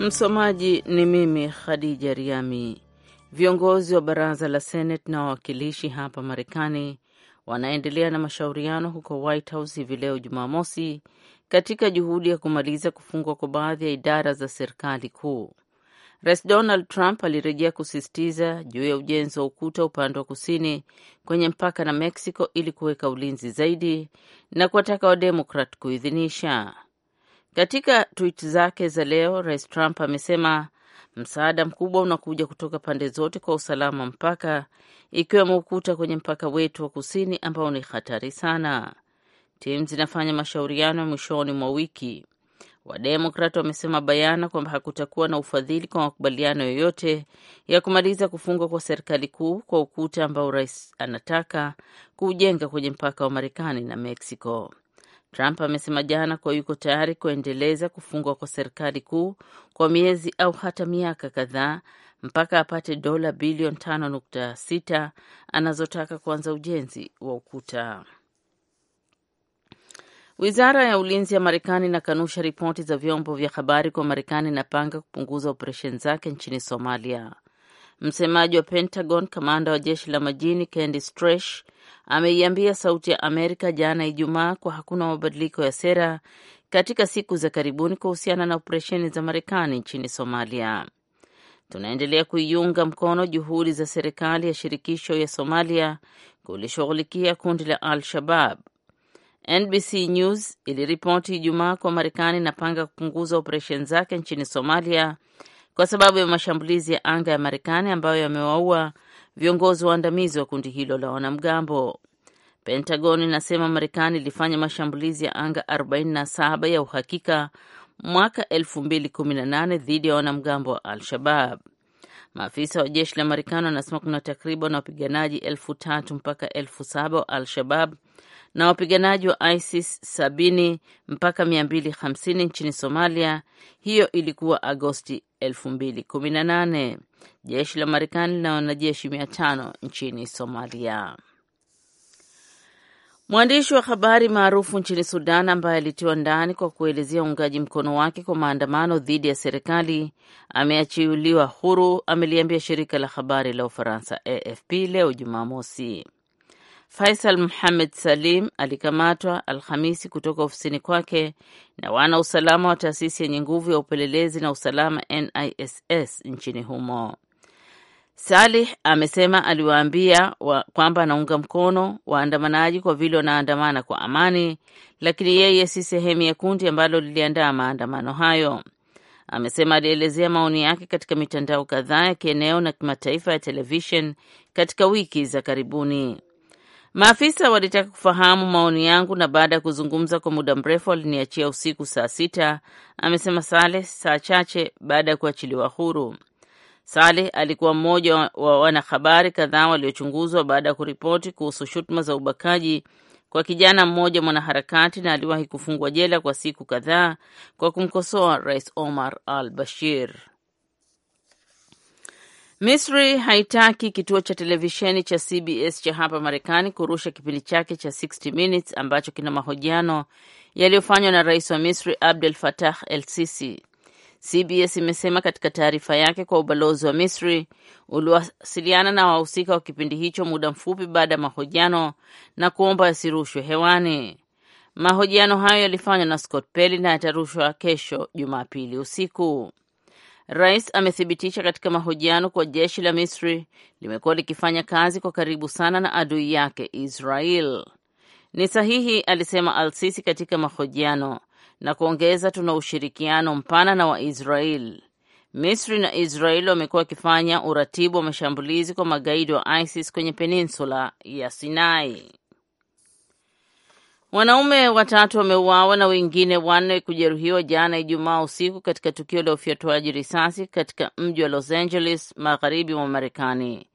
Msomaji ni mimi Khadija Riami. Viongozi wa baraza la Senate na wawakilishi hapa Marekani wanaendelea na mashauriano huko White House hivi leo Jumamosi, katika juhudi ya kumaliza kufungwa kwa baadhi ya idara za serikali kuu. Rais Donald Trump alirejea kusisitiza juu ya ujenzi wa ukuta upande wa kusini kwenye mpaka na Mexico ili kuweka ulinzi zaidi na kuwataka Wademokrat kuidhinisha. Katika twit zake za leo, Rais Trump amesema msaada mkubwa unakuja kutoka pande zote kwa usalama mpaka, ikiwemo ukuta kwenye mpaka wetu wa kusini ambao ni hatari sana. Timu zinafanya mashauriano ya mwishoni mwa wiki. Wademokrat wamesema bayana kwamba hakutakuwa na ufadhili kwa makubaliano yoyote ya kumaliza kufungwa kwa serikali kuu kwa ukuta ambao rais anataka kuujenga kwenye mpaka wa Marekani na Meksiko. Trump amesema jana kuwa yuko tayari kuendeleza kufungwa kwa serikali kuu kwa miezi au hata miaka kadhaa mpaka apate dola bilioni sita anazotaka kuanza ujenzi wa ukuta. Wizara ya ulinzi ya Marekani inakanusha ripoti za vyombo vya habari kwa Marekani inapanga kupunguza operesheni zake nchini Somalia. Msemaji wa Pentagon, kamanda wa jeshi la majini Candice Stresh ameiambia Sauti ya Amerika jana Ijumaa kwa hakuna mabadiliko ya sera katika siku za karibuni kuhusiana na operesheni za Marekani nchini Somalia. Tunaendelea kuiunga mkono juhudi za serikali ya shirikisho ya Somalia kulishughulikia kundi la Al-Shabab. NBC News iliripoti Ijumaa kwa Marekani inapanga kupunguza operesheni zake nchini Somalia kwa sababu ya mashambulizi ya anga ya Marekani ambayo yamewaua viongozi waandamizi wa kundi hilo la wanamgambo. Pentagon inasema Marekani ilifanya mashambulizi ya anga 47 ya uhakika mwaka 2018 dhidi ya wanamgambo wa Al-Shabab. Maafisa wa jeshi la Marekani wanasema kuna takriban wapiganaji elfu tatu mpaka elfu saba wa Al-Shabab na wapiganaji wa ISIS sabini mpaka mia mbili hamsini nchini Somalia. Hiyo ilikuwa Agosti elfu mbili kumi na nane. Jeshi la Marekani lina wanajeshi mia tano nchini Somalia. Mwandishi wa habari maarufu nchini Sudan ambaye alitiwa ndani kwa kuelezea uungaji mkono wake kwa maandamano dhidi ya serikali ameachiliwa huru, ameliambia shirika la habari la Ufaransa AFP leo Jumamosi. Faisal muhamed Salim alikamatwa Alhamisi kutoka ofisini kwake na wana usalama wa taasisi yenye nguvu ya upelelezi na usalama NISS nchini humo. Salih amesema aliwaambia kwamba anaunga mkono waandamanaji kwa vile wanaandamana kwa amani, lakini yeye si sehemu ya kundi ambalo liliandaa maandamano hayo. Amesema alielezea maoni yake katika mitandao kadhaa ya kieneo na kimataifa ya televishen katika wiki za karibuni. Maafisa walitaka kufahamu maoni yangu na baada ya kuzungumza kwa muda mrefu aliniachia usiku saa sita, amesema Saleh saa chache baada ya kuachiliwa huru. Saleh alikuwa mmoja wa wanahabari kadhaa waliochunguzwa baada ya kuripoti kuhusu shutuma za ubakaji kwa kijana mmoja mwanaharakati, na aliwahi kufungwa jela kwa siku kadhaa kwa kumkosoa Rais Omar al Bashir. Misri haitaki kituo cha televisheni cha CBS cha hapa Marekani kurusha kipindi chake cha 60 Minutes ambacho kina mahojiano yaliyofanywa na rais wa Misri Abdel Fattah El Sisi. CBS imesema katika taarifa yake kwa ubalozi wa Misri uliwasiliana na wahusika wa kipindi hicho muda mfupi baada ya mahojiano na kuomba yasirushwe hewani. Mahojiano hayo yalifanywa na Scott Pelley na yatarushwa kesho Jumapili usiku. Rais amethibitisha katika mahojiano kuwa jeshi la Misri limekuwa likifanya kazi kwa karibu sana na adui yake Israel. Ni sahihi, alisema Al-Sisi katika mahojiano na kuongeza, tuna ushirikiano mpana na Waisrael. Misri na Israel wamekuwa wakifanya uratibu wa mashambulizi kwa magaidi wa ISIS kwenye peninsula ya Sinai. Wanaume watatu wameuawa na wengine wanne kujeruhiwa jana Ijumaa usiku katika tukio la ufyatuaji risasi katika mji wa Los Angeles, magharibi mwa Marekani.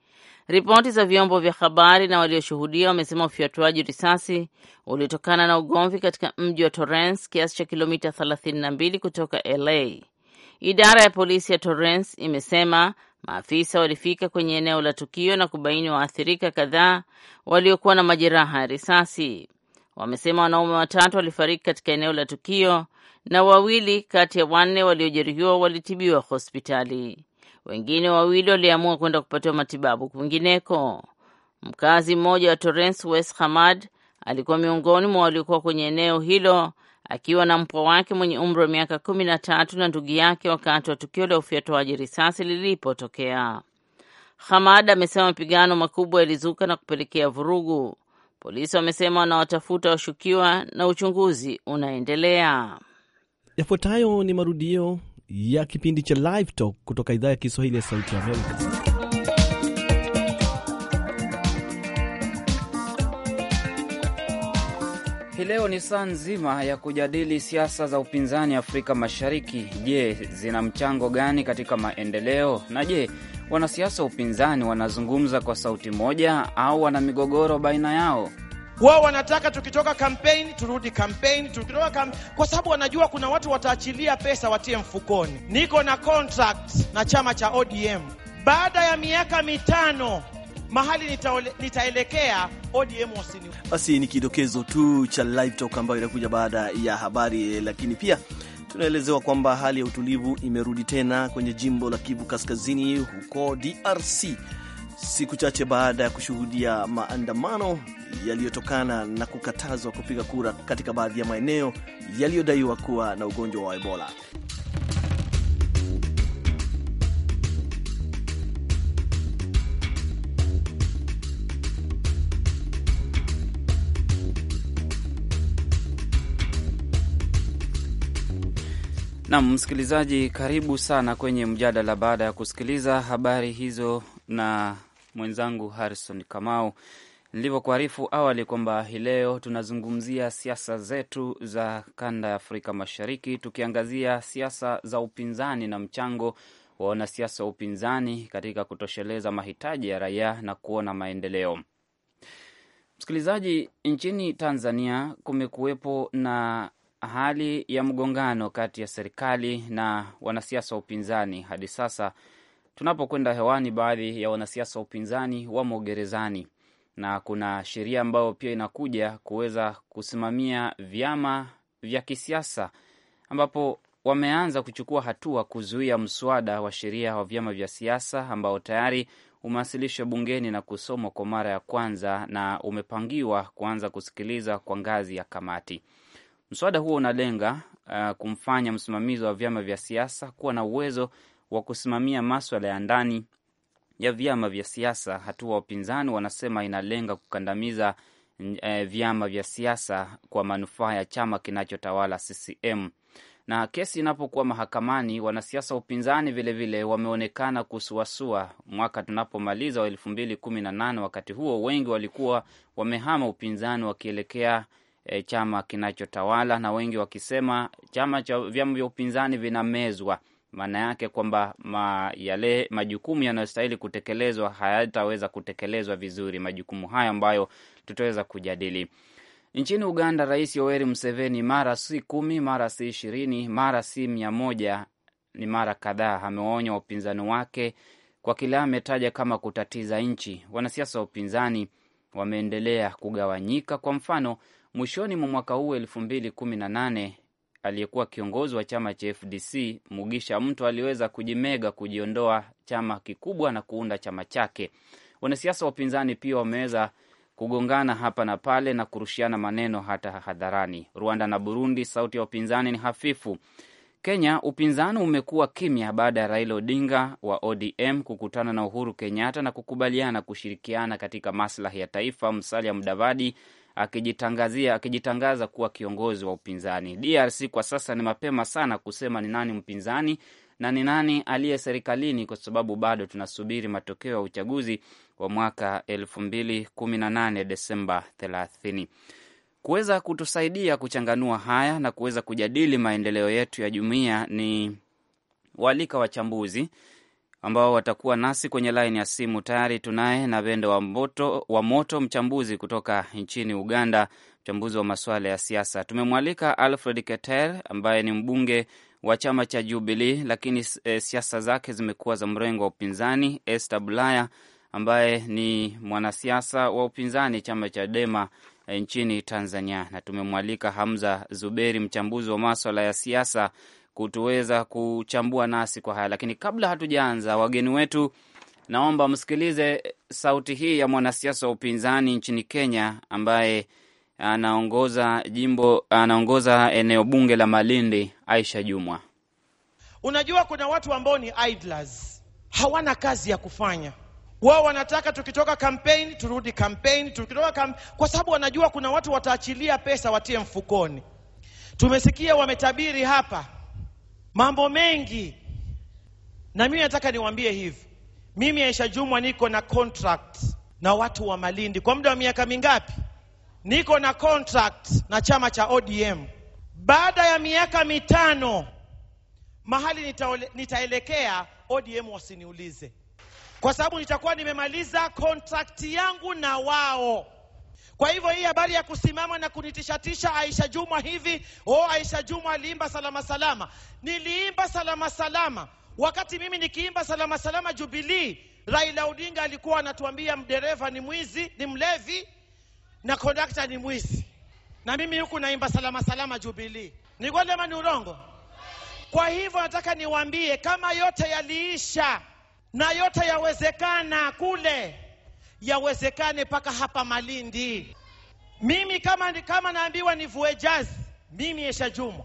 Ripoti za vyombo vya habari na walioshuhudia wamesema ufyatuaji risasi ulitokana na ugomvi katika mji wa Torrance, kiasi cha kilomita 32 kutoka LA. Idara ya polisi ya Torrance imesema maafisa walifika kwenye eneo la tukio na kubaini waathirika kadhaa waliokuwa na majeraha ya risasi. Wamesema wanaume watatu walifariki katika eneo la tukio na wawili kati ya wanne waliojeruhiwa walitibiwa hospitali. Wengine wawili waliamua kwenda kupatiwa matibabu kwingineko. Mkazi mmoja wa Torrance West Hamad alikuwa miongoni mwa waliokuwa kwenye eneo hilo akiwa na mpwa wake mwenye umri wa miaka kumi na tatu na ndugu yake wakati wa tukio la ufyatuaji risasi lilipotokea. Hamad amesema mapigano makubwa yalizuka na kupelekea vurugu. Polisi wamesema wanawatafuta washukiwa na uchunguzi unaendelea. Yafuatayo ni marudio ya kipindi cha Live Talk kutoka idhaa ya Kiswahili ya Sauti Amerika. Hii leo ni saa nzima ya kujadili siasa za upinzani Afrika Mashariki. Je, zina mchango gani katika maendeleo? Na je, wanasiasa wa upinzani wanazungumza kwa sauti moja au wana migogoro baina yao? Wao wanataka tukitoka kampeni turudi kampeni, tukitoka kam... kwa sababu wanajua kuna watu wataachilia pesa watie mfukoni. Niko na contract na chama cha ODM, baada ya miaka mitano mahali nitaole, nitaelekea ODM wasini. Basi ni kidokezo tu cha live talk ambayo inakuja baada ya habari, lakini pia Tunaelezewa kwamba hali ya utulivu imerudi tena kwenye jimbo la Kivu Kaskazini huko DRC siku chache baada ya kushuhudia maandamano yaliyotokana na kukatazwa kupiga kura katika baadhi ya maeneo yaliyodaiwa kuwa na ugonjwa wa Ebola. Nam msikilizaji, karibu sana kwenye mjadala baada ya kusikiliza habari hizo na mwenzangu Harrison Kamau. Nilivyokuarifu awali kwamba hii leo tunazungumzia siasa zetu za kanda ya Afrika Mashariki, tukiangazia siasa za upinzani na mchango wa wanasiasa wa upinzani katika kutosheleza mahitaji ya raia na kuona maendeleo. Msikilizaji, nchini Tanzania kumekuwepo na hali ya mgongano kati ya serikali na wanasiasa wa upinzani hadi sasa tunapokwenda hewani, baadhi ya wanasiasa wa upinzani wamo gerezani na kuna sheria ambayo pia inakuja kuweza kusimamia vyama vya kisiasa ambapo wameanza kuchukua hatua kuzuia mswada wa sheria wa vyama vya siasa ambao tayari umewasilishwa bungeni na kusomwa kwa mara ya kwanza na umepangiwa kuanza kusikiliza kwa ngazi ya kamati. Mswada huo unalenga uh, kumfanya msimamizi wa vyama vya siasa kuwa na uwezo wa kusimamia maswala ya ndani ya vyama vya siasa, hatua wapinzani wanasema inalenga kukandamiza uh, vyama vya siasa kwa manufaa ya chama kinachotawala CCM. Na kesi inapokuwa mahakamani, wanasiasa upinzani vilevile wameonekana kusuasua. Mwaka tunapomaliza wa elfu mbili kumi na nane, wakati huo wengi walikuwa wamehama upinzani wakielekea e, chama kinachotawala na wengi wakisema chama cha vyama vya upinzani vinamezwa. Maana yake kwamba ma, yale majukumu yanayostahili kutekelezwa hayataweza kutekelezwa vizuri, majukumu hayo ambayo tutaweza kujadili. Nchini Uganda, Rais Yoweri Museveni mara si kumi, mara si ishirini, mara si mia moja, ni mara kadhaa amewaonya wapinzani wake kwa kile ametaja kama kutatiza nchi. Wanasiasa wa upinzani wameendelea kugawanyika. Kwa mfano, Mwishoni mwa mwaka huu elfu mbili kumi na nane aliyekuwa kiongozi wa chama cha FDC Mugisha Mtu aliweza kujimega kujiondoa chama kikubwa na kuunda chama chake. Wanasiasa wa upinzani pia wameweza kugongana hapa na pale na kurushiana maneno hata hadharani. Rwanda na Burundi, sauti ya upinzani ni hafifu. Kenya, upinzani umekuwa kimya baada ya Raila Odinga wa ODM kukutana na Uhuru Kenyatta na kukubaliana kushirikiana katika maslahi ya taifa. Musalia Mudavadi akijitangazia akijitangaza kuwa kiongozi wa upinzani DRC. Kwa sasa ni mapema sana kusema ni nani mpinzani na ni nani aliye serikalini, kwa sababu bado tunasubiri matokeo ya uchaguzi wa mwaka 2018 Desemba 30. Kuweza kutusaidia kuchanganua haya na kuweza kujadili maendeleo yetu ya jumuiya ni walika wachambuzi ambao watakuwa nasi kwenye laini ya simu. Tayari tunaye na Vendo wa Moto, wa Moto, mchambuzi kutoka nchini Uganda, mchambuzi wa masuala ya siasa. Tumemwalika Alfred Keter ambaye ni mbunge wa chama cha Jubilee, lakini e, siasa zake zimekuwa za mrengo wa upinzani. Esther Bulaya ambaye ni mwanasiasa wa upinzani chama cha Dema eh, nchini Tanzania, na tumemwalika Hamza Zuberi, mchambuzi wa maswala ya siasa kutuweza kuchambua nasi kwa haya, lakini kabla hatujaanza, wageni wetu, naomba msikilize sauti hii ya mwanasiasa wa upinzani nchini Kenya ambaye anaongoza jimbo, anaongoza eneo bunge la Malindi, Aisha Jumwa. Unajua, kuna watu ambao ni idlers, hawana kazi ya kufanya wao wanataka tukitoka kampeni turudi kampeni, tukitoka kamp... kwa sababu wanajua kuna watu wataachilia pesa watie mfukoni. Tumesikia wametabiri hapa mambo mengi. Na mimi nataka niwaambie hivi, mimi Aisha Jumwa niko na contract na watu wa Malindi kwa muda wa miaka mingapi? Niko na contract na chama cha ODM. Baada ya miaka mitano, mahali nitaole, nitaelekea ODM wasiniulize, kwa sababu nitakuwa nimemaliza contract yangu na wao. Kwa hivyo hii habari ya kusimama na kunitishatisha Aisha Jumwa hivi, oh, Aisha Jumwa aliimba salama salama. Niliimba salama salama wakati mimi nikiimba salama salama Jubilee, Raila Odinga alikuwa anatuambia mdereva ni mwizi, ni mlevi na kondakta ni mwizi, na mimi huku naimba salama salama Jubilee. Ni kweli ama ni urongo? Kwa hivyo nataka niwaambie, kama yote yaliisha na yote yawezekana kule yawezekane mpaka hapa Malindi. Mimi kama, kama naambiwa nivue jazi mimi Esha Juma,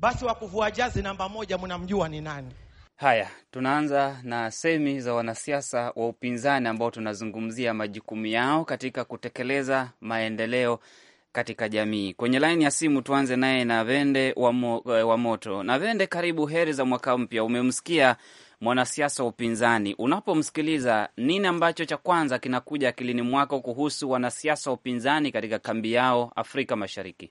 basi wa kuvua jazi namba moja mnamjua ni nani? Haya, tunaanza na semi za wanasiasa wa upinzani ambao tunazungumzia majukumu yao katika kutekeleza maendeleo katika jamii. Kwenye laini ya simu tuanze naye na Vende wa, mo, eh, wa moto na Vende, karibu. Heri za mwaka mpya. Umemsikia mwanasiasa wa upinzani, unapomsikiliza nini ambacho cha kwanza kinakuja akilini mwako kuhusu wanasiasa wa upinzani katika kambi yao Afrika Mashariki?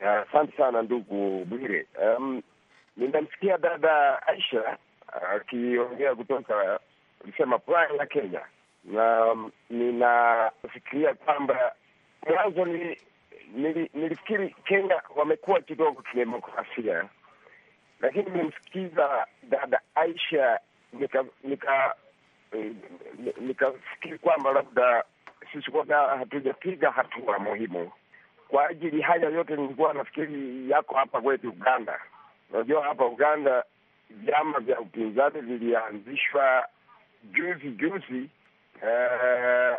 Asante uh, sana ndugu Bwire. Um, ninamsikia dada Aisha akiongea uh, kutoka ulisema pwani ya Kenya na um, ninafikiria kwamba mwanzo nilifikiri Kenya wamekuwa kidogo kidemokrasia lakini nimemsikiza dada Aisha nika- eh, nikafikiri kwamba labda sisi hatujapiga hatua muhimu kwa ajili haya yote. Nilikuwa nafikiri yako hapa kwetu Uganda. Unajua hapa Uganda vyama vya upinzani vilianzishwa juzi juzi. Eh,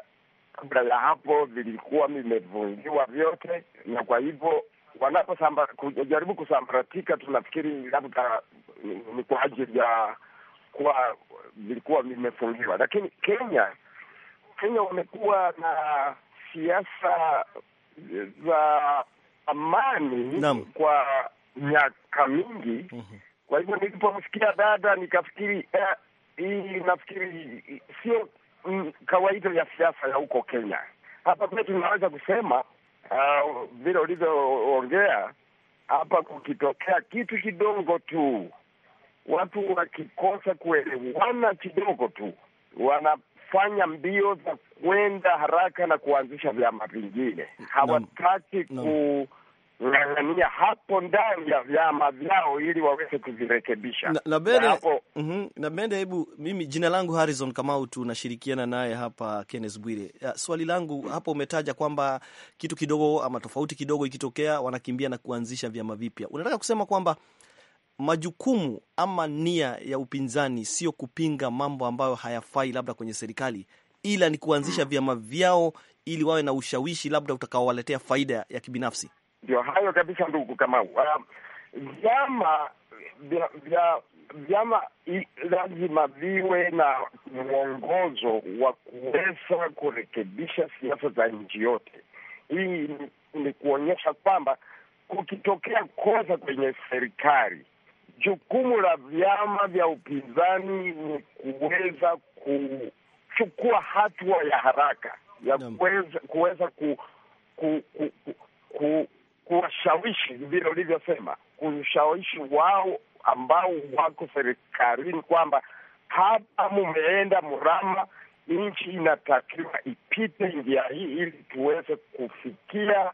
kabla ya hapo vilikuwa vimevungiwa vyote, na kwa hivyo wanapojaribu kusambaratika, tunafikiri labda ni kwa ajili ya kuwa vilikuwa vimefungiwa, lakini Kenya Kenya wamekuwa na siasa za amani Nam. kwa miaka mingi mm -hmm. Kwa hivyo nilipomsikia dada nikafikiri eh, hii nafikiri sio mm, kawaida ya siasa ya huko Kenya. Hapa pia tunaweza kusema vile ah, ulivyoongea hapa, kukitokea kitu kidogo tu, watu wakikosa kuelewana kidogo tu, wanafanya mbio za kwenda haraka na kuanzisha vyama vingine, hawataki no. ku ng'ang'ania hapo ndani ya vyama vyao ili waweze kuvirekebisha. Na mhm, Bende, hebu mimi, jina langu Harrison Kamau, tunashirikiana naye hapa Kenneth Bwire. Swali langu hapo, umetaja kwamba kitu kidogo ama tofauti kidogo ikitokea wanakimbia na kuanzisha vyama vipya. Unataka kusema kwamba majukumu ama nia ya upinzani sio kupinga mambo ambayo hayafai labda kwenye serikali, ila ni kuanzisha vyama vyao ili wawe na ushawishi labda utakaowaletea faida ya kibinafsi? Ndio hayo kabisa, ndugu Kamau. Ah, vyama vya vyama lazima viwe na mwongozo wa kuweza kurekebisha siasa za nchi yote. Hii ni, ni kuonyesha kwamba kukitokea kosa kwenye serikali, jukumu la vyama vya upinzani ni kuweza kuchukua hatua ya haraka ya kuweza kuweza ku, ku, ku, ku, ku kuwashawishi vile ulivyosema, kushawishi wao ambao wako serikalini kwamba hapa mumeenda mrama, nchi inatakiwa ipite njia hii ili tuweze kufikia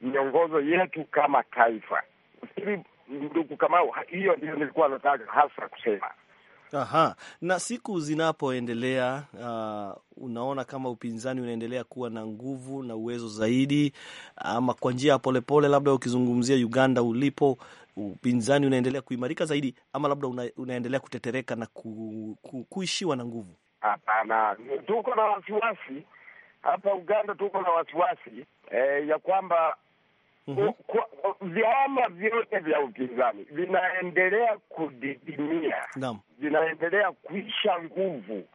miongozo yetu kama taifa. Ndugu Kamau, hiyo ndio nilikuwa nataka hasa kusema. Aha. Na siku zinapoendelea, uh, unaona kama upinzani unaendelea kuwa na nguvu na uwezo zaidi, ama kwa njia ya polepole, labda ukizungumzia Uganda ulipo, upinzani unaendelea kuimarika zaidi, ama labda una, unaendelea kutetereka na ku, ku, kuishiwa na nguvu? Hapana, tuko na wasiwasi hapa Uganda, tuko na wasiwasi eh, ya kwamba vyama vyote vya upinzani vinaendelea kudidimia, vinaendelea kuisha nguvu.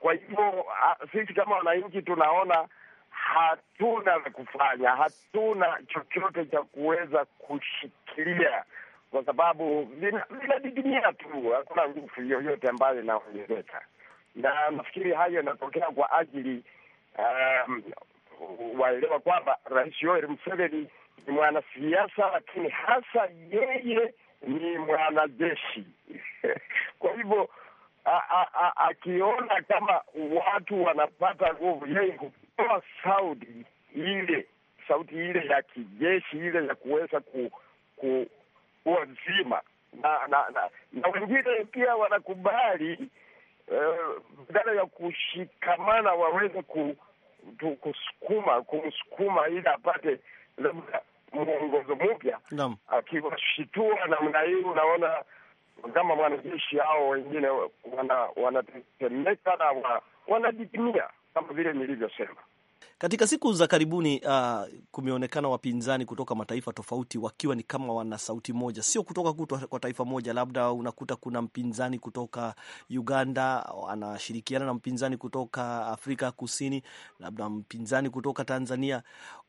Kwa hivyo sisi kama wananchi tunaona hatuna la kufanya, hatuna chochote cha kuweza kushikilia kwa sababu vinadidimia tu, hakuna nguvu yoyote ambayo inaongezeka. Na nafikiri hayo inatokea kwa ajili um, waelewa kwamba Rais Yoweri Museveni ni mwanasiasa, lakini hasa yeye ni mwanajeshi kwa hivyo akiona kama watu wanapata nguvu, yeye kutoa sauti ile sauti ile ya kijeshi ile ya kuweza ku, ku, na, na, na, na wengine pia wanakubali e, badala uh, ya kushikamana waweze kusukuma kumsukuma ili apate labda mwongozo mpya akiwashitua namna hii, unaona kama wanajeshi hao wengine wanatetemeka na wanajitimia kama vile nilivyosema. Katika siku za karibuni uh, kumeonekana wapinzani kutoka mataifa tofauti wakiwa ni kama wana sauti moja, sio kutoka kutwa kwa taifa moja. Labda unakuta kuna mpinzani kutoka Uganda anashirikiana na mpinzani kutoka Afrika Kusini, labda mpinzani kutoka Tanzania.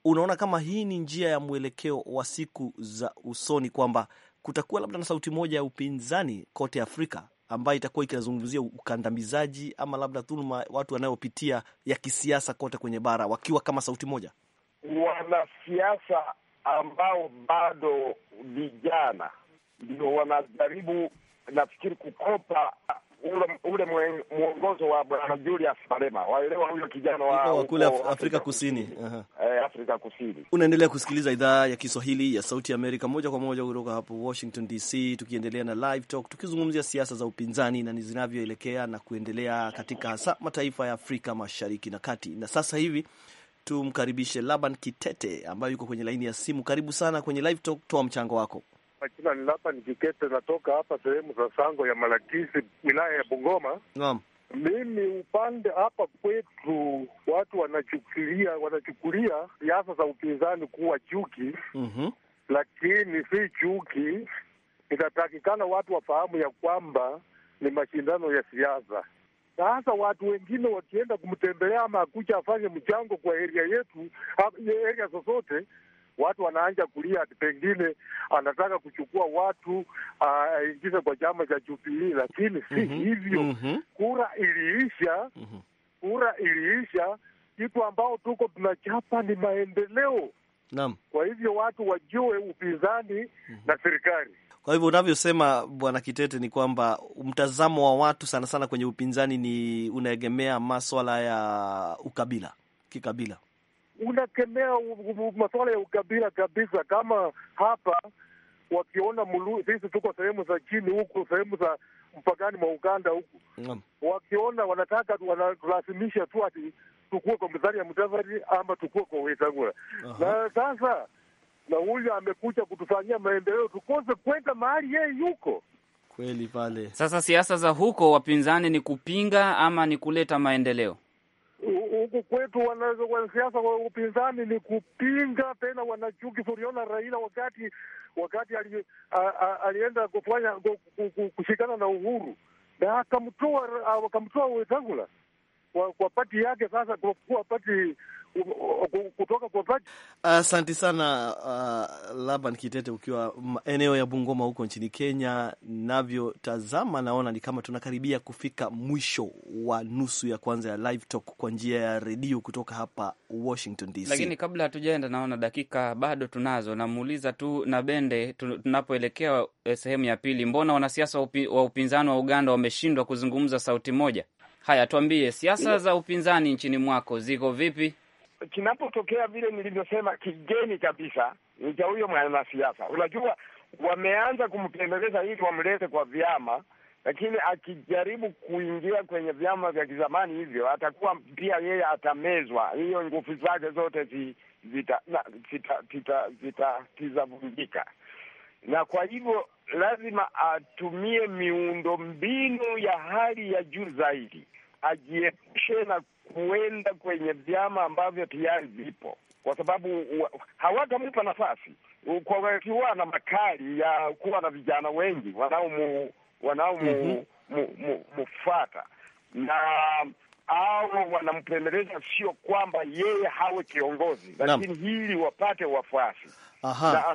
Unaona kama hii ni njia ya mwelekeo wa siku za usoni kwamba kutakuwa labda na sauti moja ya upinzani kote Afrika ambayo itakuwa ikinazungumzia ukandamizaji ama labda dhuluma watu wanayopitia ya kisiasa kote kwenye bara wakiwa kama sauti moja? Wanasiasa ambao bado vijana ndio wanajaribu nafikiri kukopa ule mwongozo wa bwana Julius Malema, waelewa huyo kijana wa kule Afrika, Afrika Kusini. Eh, Afrika Kusini. Unaendelea kusikiliza idhaa ya Kiswahili ya Sauti ya Amerika moja kwa moja kutoka hapo Washington DC, tukiendelea na live talk, tukizungumzia siasa za upinzani na zinavyoelekea na kuendelea katika hasa mataifa ya Afrika Mashariki na Kati. Na sasa hivi tumkaribishe Laban Kitete ambaye yuko kwenye laini ya simu. Karibu sana kwenye live talk, toa mchango wako. Majina ni ni Kikete, natoka hapa sehemu za Sango ya Malakisi, wilaya ya Bungoma. Naam. Mimi upande hapa kwetu watu wanachukulia wanachukulia siasa za upinzani kuwa chuki. mm -hmm. Lakini si chuki, inatakikana watu wafahamu ya kwamba ni mashindano ya siasa. Sasa watu wengine wakienda kumtembelea ama akucha afanye mchango kwa eria yetu, eria zozote watu wanaanja kulia ati pengine anataka kuchukua watu ah, aingize kwa chama cha Jubilee, lakini si mm -hmm. hivyo mm -hmm. kura iliisha mm -hmm. kura iliisha. Kitu ambao tuko tunachapa ni maendeleo. Naam. Kwa hivyo watu wajue upinzani mm -hmm. na serikali. Kwa hivyo unavyosema Bwana Kitete ni kwamba mtazamo wa watu sana sana kwenye upinzani ni unaegemea maswala ya ukabila, kikabila unakemea masuala ya ukabila kabisa. Kama hapa wakiona mulu, sisi tuko sehemu za chini huku, sehemu za mpakani mwa Uganda huku mm. wakiona wanataka wanalazimisha tu ati tukuwe kwa mizari ya mtafari ama tukuwe kwa Wetangula uh -huh. na sasa na huyu amekuja kutufanyia maendeleo, tukose kwenda mahali yeye yuko kweli pale. Sasa siasa za huko, wapinzani ni kupinga ama ni kuleta maendeleo? huku kwetu wanasiasa wa upinzani ni kupinga tena, wanachuki. furiona Raila wakati wakati ali, alienda kufanya kushikana na Uhuru na akamtoa wakamtoa Wetangula kwa, kwa pati yake sasa, kwa pati kutoka kwa asante sana uh, Laban Kitete, ukiwa eneo ya Bungoma huko nchini Kenya. Navyotazama naona ni kama tunakaribia kufika mwisho wa nusu ya kwanza ya live talk kwa njia ya redio kutoka hapa Washington DC, lakini kabla hatujaenda, naona dakika bado tunazo. Namuuliza tu na Bende, tunapoelekea eh, sehemu ya pili, mbona wanasiasa upi, wa upinzani wa Uganda wameshindwa kuzungumza sauti moja? Haya, tuambie siasa za upinzani nchini mwako ziko vipi? kinapotokea vile nilivyosema, kigeni kabisa ni cha huyo mwanasiasa. Unajua, wameanza kumpendeleza ili wamlete kwa vyama, lakini akijaribu kuingia kwenye vyama vya kizamani hivyo, atakuwa pia yeye atamezwa, hiyo nguvu zake zote zitatizavunjika zita, zita, zita, na kwa hivyo lazima atumie miundo mbinu ya hali ya juu zaidi ajiepushe na kuenda kwenye vyama ambavyo tayari vipo, kwa sababu hawatampa nafasi kwa wakati huwa na makali ya kuwa na vijana wengi wanaomu wanaomufata mhm. mm -hmm. na au wanampendeleza, sio kwamba yeye hawe kiongozi, lakini hili wapate wafuasi na,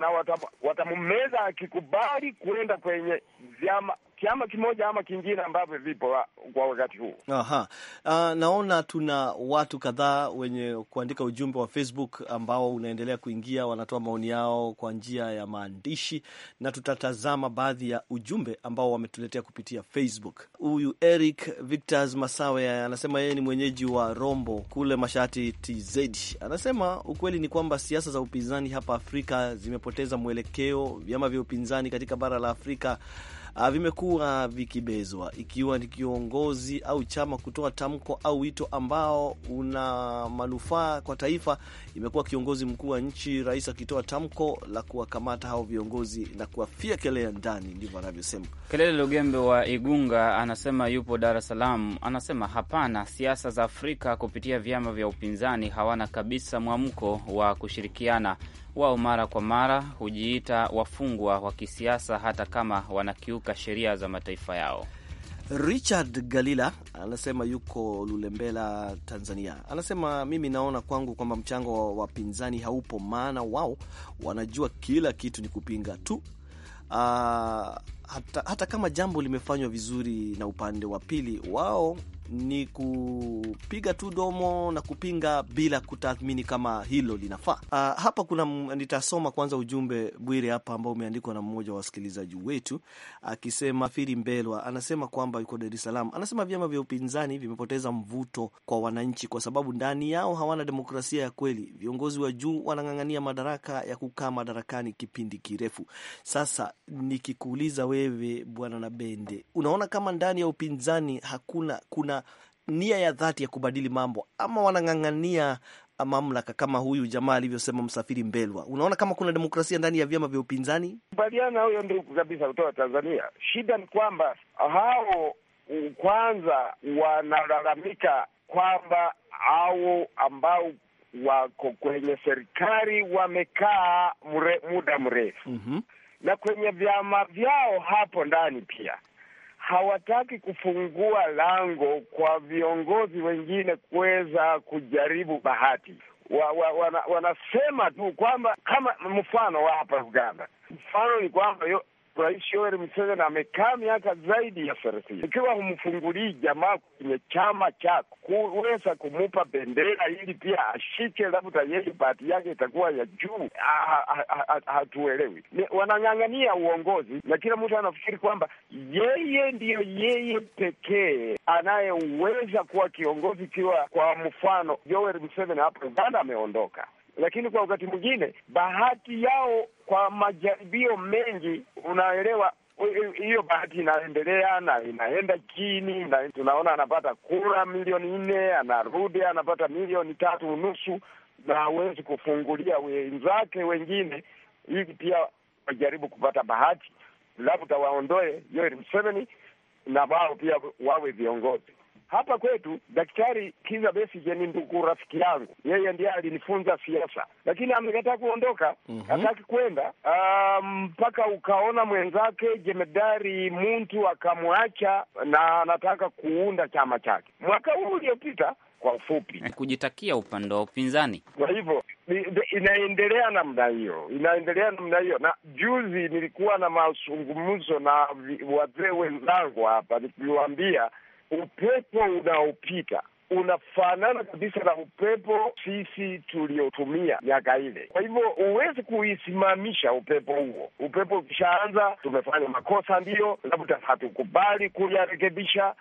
na akikubali kuenda kwenye vyama chama kimoja ama kingine ambavyo vipo ah, kwa wakati huu. Aha. Uh, naona tuna watu kadhaa wenye kuandika ujumbe wa Facebook ambao unaendelea kuingia, wanatoa maoni yao kwa njia ya maandishi, na tutatazama baadhi ya ujumbe ambao wametuletea kupitia Facebook. Huyu Eric Victors Masawe anasema yeye ni mwenyeji wa Rombo kule Mashati TZ, anasema ukweli ni kwamba siasa za upinzani hapa Afrika zimepoteza mwelekeo. Vyama vya upinzani katika bara la Afrika Ah, vimekuwa vikibezwa, ikiwa ni kiongozi au chama kutoa tamko au wito ambao una manufaa kwa taifa. Imekuwa kiongozi mkuu wa nchi, rais akitoa tamko la kuwakamata hao viongozi na kuwafia kelele ndani, ndivyo anavyosema. Kelele Lugembe wa Igunga anasema yupo Dar es Salaam, anasema hapana, siasa za Afrika kupitia vyama vya upinzani hawana kabisa mwamko wa kushirikiana. Wao mara kwa mara hujiita wafungwa wa kisiasa hata kama wanakiuka kukiuka sheria za mataifa yao. Richard Galila anasema yuko Lulembela, Tanzania. Anasema mimi naona kwangu kwamba mchango wa wapinzani haupo, maana wao wanajua kila kitu ni kupinga tu. Uh, hata, hata kama jambo limefanywa vizuri na upande wa pili, wao ni kupiga tu domo na kupinga bila kutathmini kama hilo linafaa. Uh, hapa kuna nitasoma kwanza ujumbe Bwire hapa ambao umeandikwa na mmoja wa wasikilizaji wetu akisema, uh, Firi Mbelwa anasema kwamba yuko Dar es Salaam, anasema vyama vya upinzani vimepoteza mvuto kwa wananchi kwa sababu ndani yao hawana demokrasia ya kweli. Viongozi wa juu wanang'ang'ania madaraka ya kukaa madarakani kipindi kirefu. Sasa nikikuuliza wewe Bwana Nabende, unaona kama ndani ya upinzani hakuna kuna nia ya dhati ya kubadili mambo ama wanang'ang'ania mamlaka kama huyu jamaa alivyosema Msafiri Mbelwa? Unaona kama kuna demokrasia ndani ya vyama vya upinzani? Kubaliana, huyo ndugu kabisa kutoka Tanzania. Shida ni kwamba hao kwanza wanalalamika kwamba hao ambao wako kwenye serikali wamekaa mre, muda mrefu mm -hmm. na kwenye vyama vyao hapo ndani pia hawataki kufungua lango kwa viongozi wengine kuweza kujaribu bahati. Wa, wa, wana, wanasema tu kwamba kama mfano wa hapa Uganda, mfano ni kwamba Rais Yoweri Museveni amekaa miaka zaidi ya thelathini. Ikiwa humfungulii jamaa kwenye chama chako, kuweza kumupa bendera ili pia ashike, labda yeye bahati yake itakuwa ya juu, hatuelewi. Wanang'ang'ania uongozi na kila mtu anafikiri kwamba yeye ndiyo yeye pekee anayeweza kuwa kiongozi. Ikiwa kwa mfano Yoweri Museveni hapo Uganda ameondoka lakini kwa wakati mwingine bahati yao kwa majaribio mengi, unaelewa hiyo bahati inaendelea na inaenda chini, na tunaona anapata kura milioni nne, anarudi anapata milioni tatu unusu, na hawezi kufungulia wenzake wengine hivi pia wajaribu kupata bahati, labda waondoe Yoweri Museveni na wao pia wawe viongozi. Hapa kwetu Daktari Kiza Besigye ni ndugu rafiki yangu, yeye ndiye alinifunza siasa, lakini amekataa kuondoka, mm -hmm. hataki kwenda mpaka um, ukaona mwenzake jemedari Muntu akamwacha na anataka kuunda chama chake mwaka huu uliopita kwa ufupi kujitakia upande wa upinzani. Kwa hivyo inaendelea namna hiyo, inaendelea namna hiyo. Na juzi nilikuwa na mazungumzo na wazee wenzangu hapa nikiwaambia upepo unaopita unafanana kabisa na upepo sisi tuliotumia miaka ile. Kwa hivyo huwezi kuisimamisha upepo huo. Upepo ukishaanza, tumefanya makosa, ndio labda hatukubali kuyarekebisha,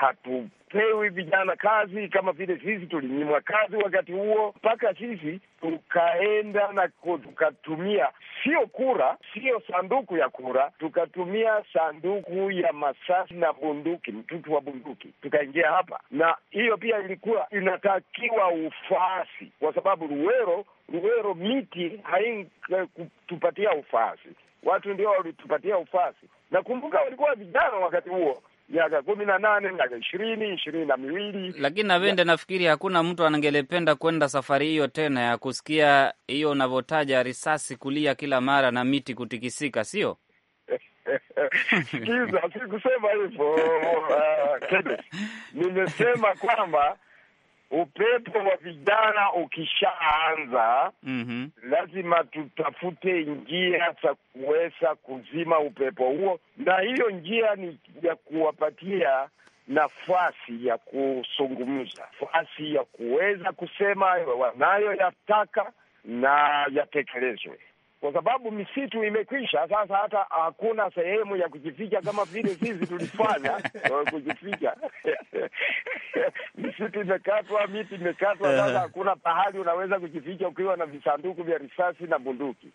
hatupewi vijana kazi kama vile sisi tulinyimwa kazi wakati huo, mpaka sisi tukaenda na tukatumia sio kura, sio sanduku ya kura, tukatumia sanduku ya masasi na bunduki, mtutu wa bunduki, tukaingia hapa, na hiyo pia ilikuwa inatakiwa ufaasi, kwa sababu Luwero, Luwero miti haikutupatia ufaasi, watu ndio walitupatia ufasi. Nakumbuka walikuwa vijana wakati huo miaka kumi na nane miaka ishirini ishirini na miwili Lakini Navende, nafikiri hakuna mtu anangelependa kwenda safari hiyo tena ya kusikia hiyo unavyotaja risasi kulia kila mara na miti kutikisika, sio? Sikiza, sikusema hivyo uh, nimesema kwamba upepo wa vijana ukishaanza, mm -hmm. lazima tutafute njia za kuweza kuzima upepo huo, na hiyo njia ni ya kuwapatia nafasi ya kuzungumza, nafasi ya kuweza kusema wanayoyataka na yatekelezwe kwa sababu misitu imekwisha. Sasa hata hakuna sehemu ya kujificha kama vile sisi tulifanya kujificha. Misitu imekatwa, miti imekatwa, sasa eh. hakuna pahali unaweza kujificha ukiwa na visanduku vya risasi na bunduki.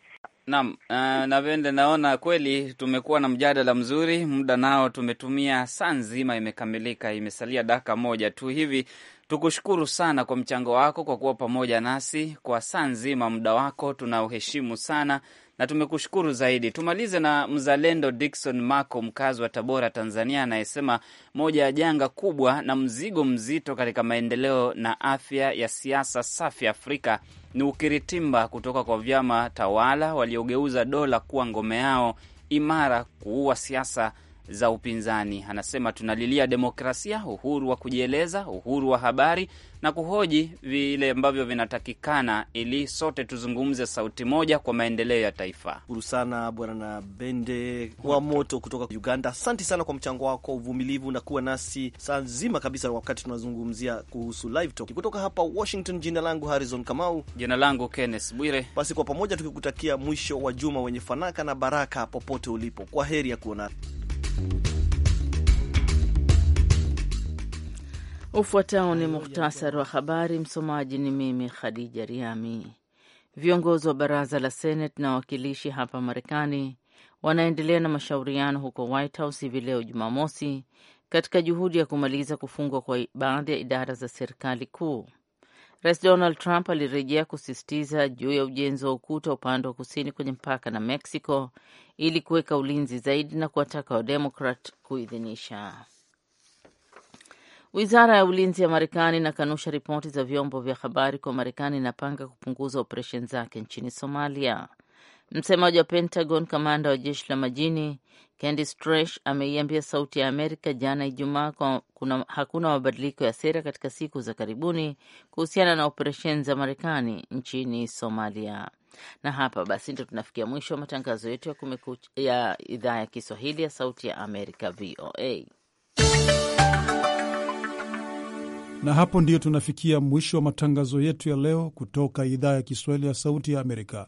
Naam, uh, eh, na naona kweli tumekuwa na mjadala mzuri, muda nao tumetumia, saa nzima imekamilika, imesalia dakika moja tu hivi. Tukushukuru sana kwa mchango wako, kwa kuwa pamoja nasi kwa saa nzima, muda wako tunauheshimu sana na tumekushukuru zaidi. Tumalize na mzalendo dikson Mako, mkazi wa Tabora, Tanzania, anayesema moja ya janga kubwa na mzigo mzito katika maendeleo na afya ya siasa safi Afrika ni ukiritimba kutoka kwa vyama tawala waliogeuza dola kuwa ngome yao imara, kuua siasa za upinzani. Anasema tunalilia demokrasia, uhuru wa kujieleza, uhuru wa habari na kuhoji vile ambavyo vinatakikana, ili sote tuzungumze sauti moja kwa maendeleo ya taifa. Shukuru sana Bwana na Bende wa Moto kutoka Uganda. Asante sana kwa mchango wako, uvumilivu na kuwa nasi saa nzima kabisa wakati tunazungumzia kuhusu Live Talk kutoka hapa Washington. Jina langu Harrison Kamau. Jina langu Kenneth Bwire. Basi kwa pamoja tukikutakia mwisho wa juma wenye fanaka na baraka popote ulipo, kwa heri ya kuonana. Ufuatao ni muhtasari wa habari. Msomaji ni mimi Khadija Riami. Viongozi wa baraza la Senate na wawakilishi hapa Marekani wanaendelea na mashauriano huko White House hivi leo Jumamosi, katika juhudi ya kumaliza kufungwa kwa baadhi ya idara za serikali kuu Rais Donald Trump alirejea kusisitiza juu ya ujenzi wa ukuta upande wa kusini kwenye mpaka na Mexico ili kuweka ulinzi zaidi na kuwataka Wademokrat kuidhinisha. Wizara ya ulinzi ya Marekani inakanusha ripoti za vyombo vya habari kwa Marekani inapanga kupunguza operesheni zake nchini Somalia. Msemaji wa Pentagon, kamanda wa jeshi la majini Candice Stresh ameiambia Sauti ya Amerika jana Ijumaa kuna hakuna mabadiliko ya sera katika siku za karibuni kuhusiana na operesheni za Marekani nchini Somalia. Na hapa basi ndo tunafikia mwisho wa matangazo yetu ya Kumekucha ya idhaa ya Kiswahili ya Sauti ya Amerika, VOA. Na hapo ndiyo tunafikia mwisho wa matangazo yetu ya leo kutoka idhaa ya Kiswahili ya Sauti ya Amerika.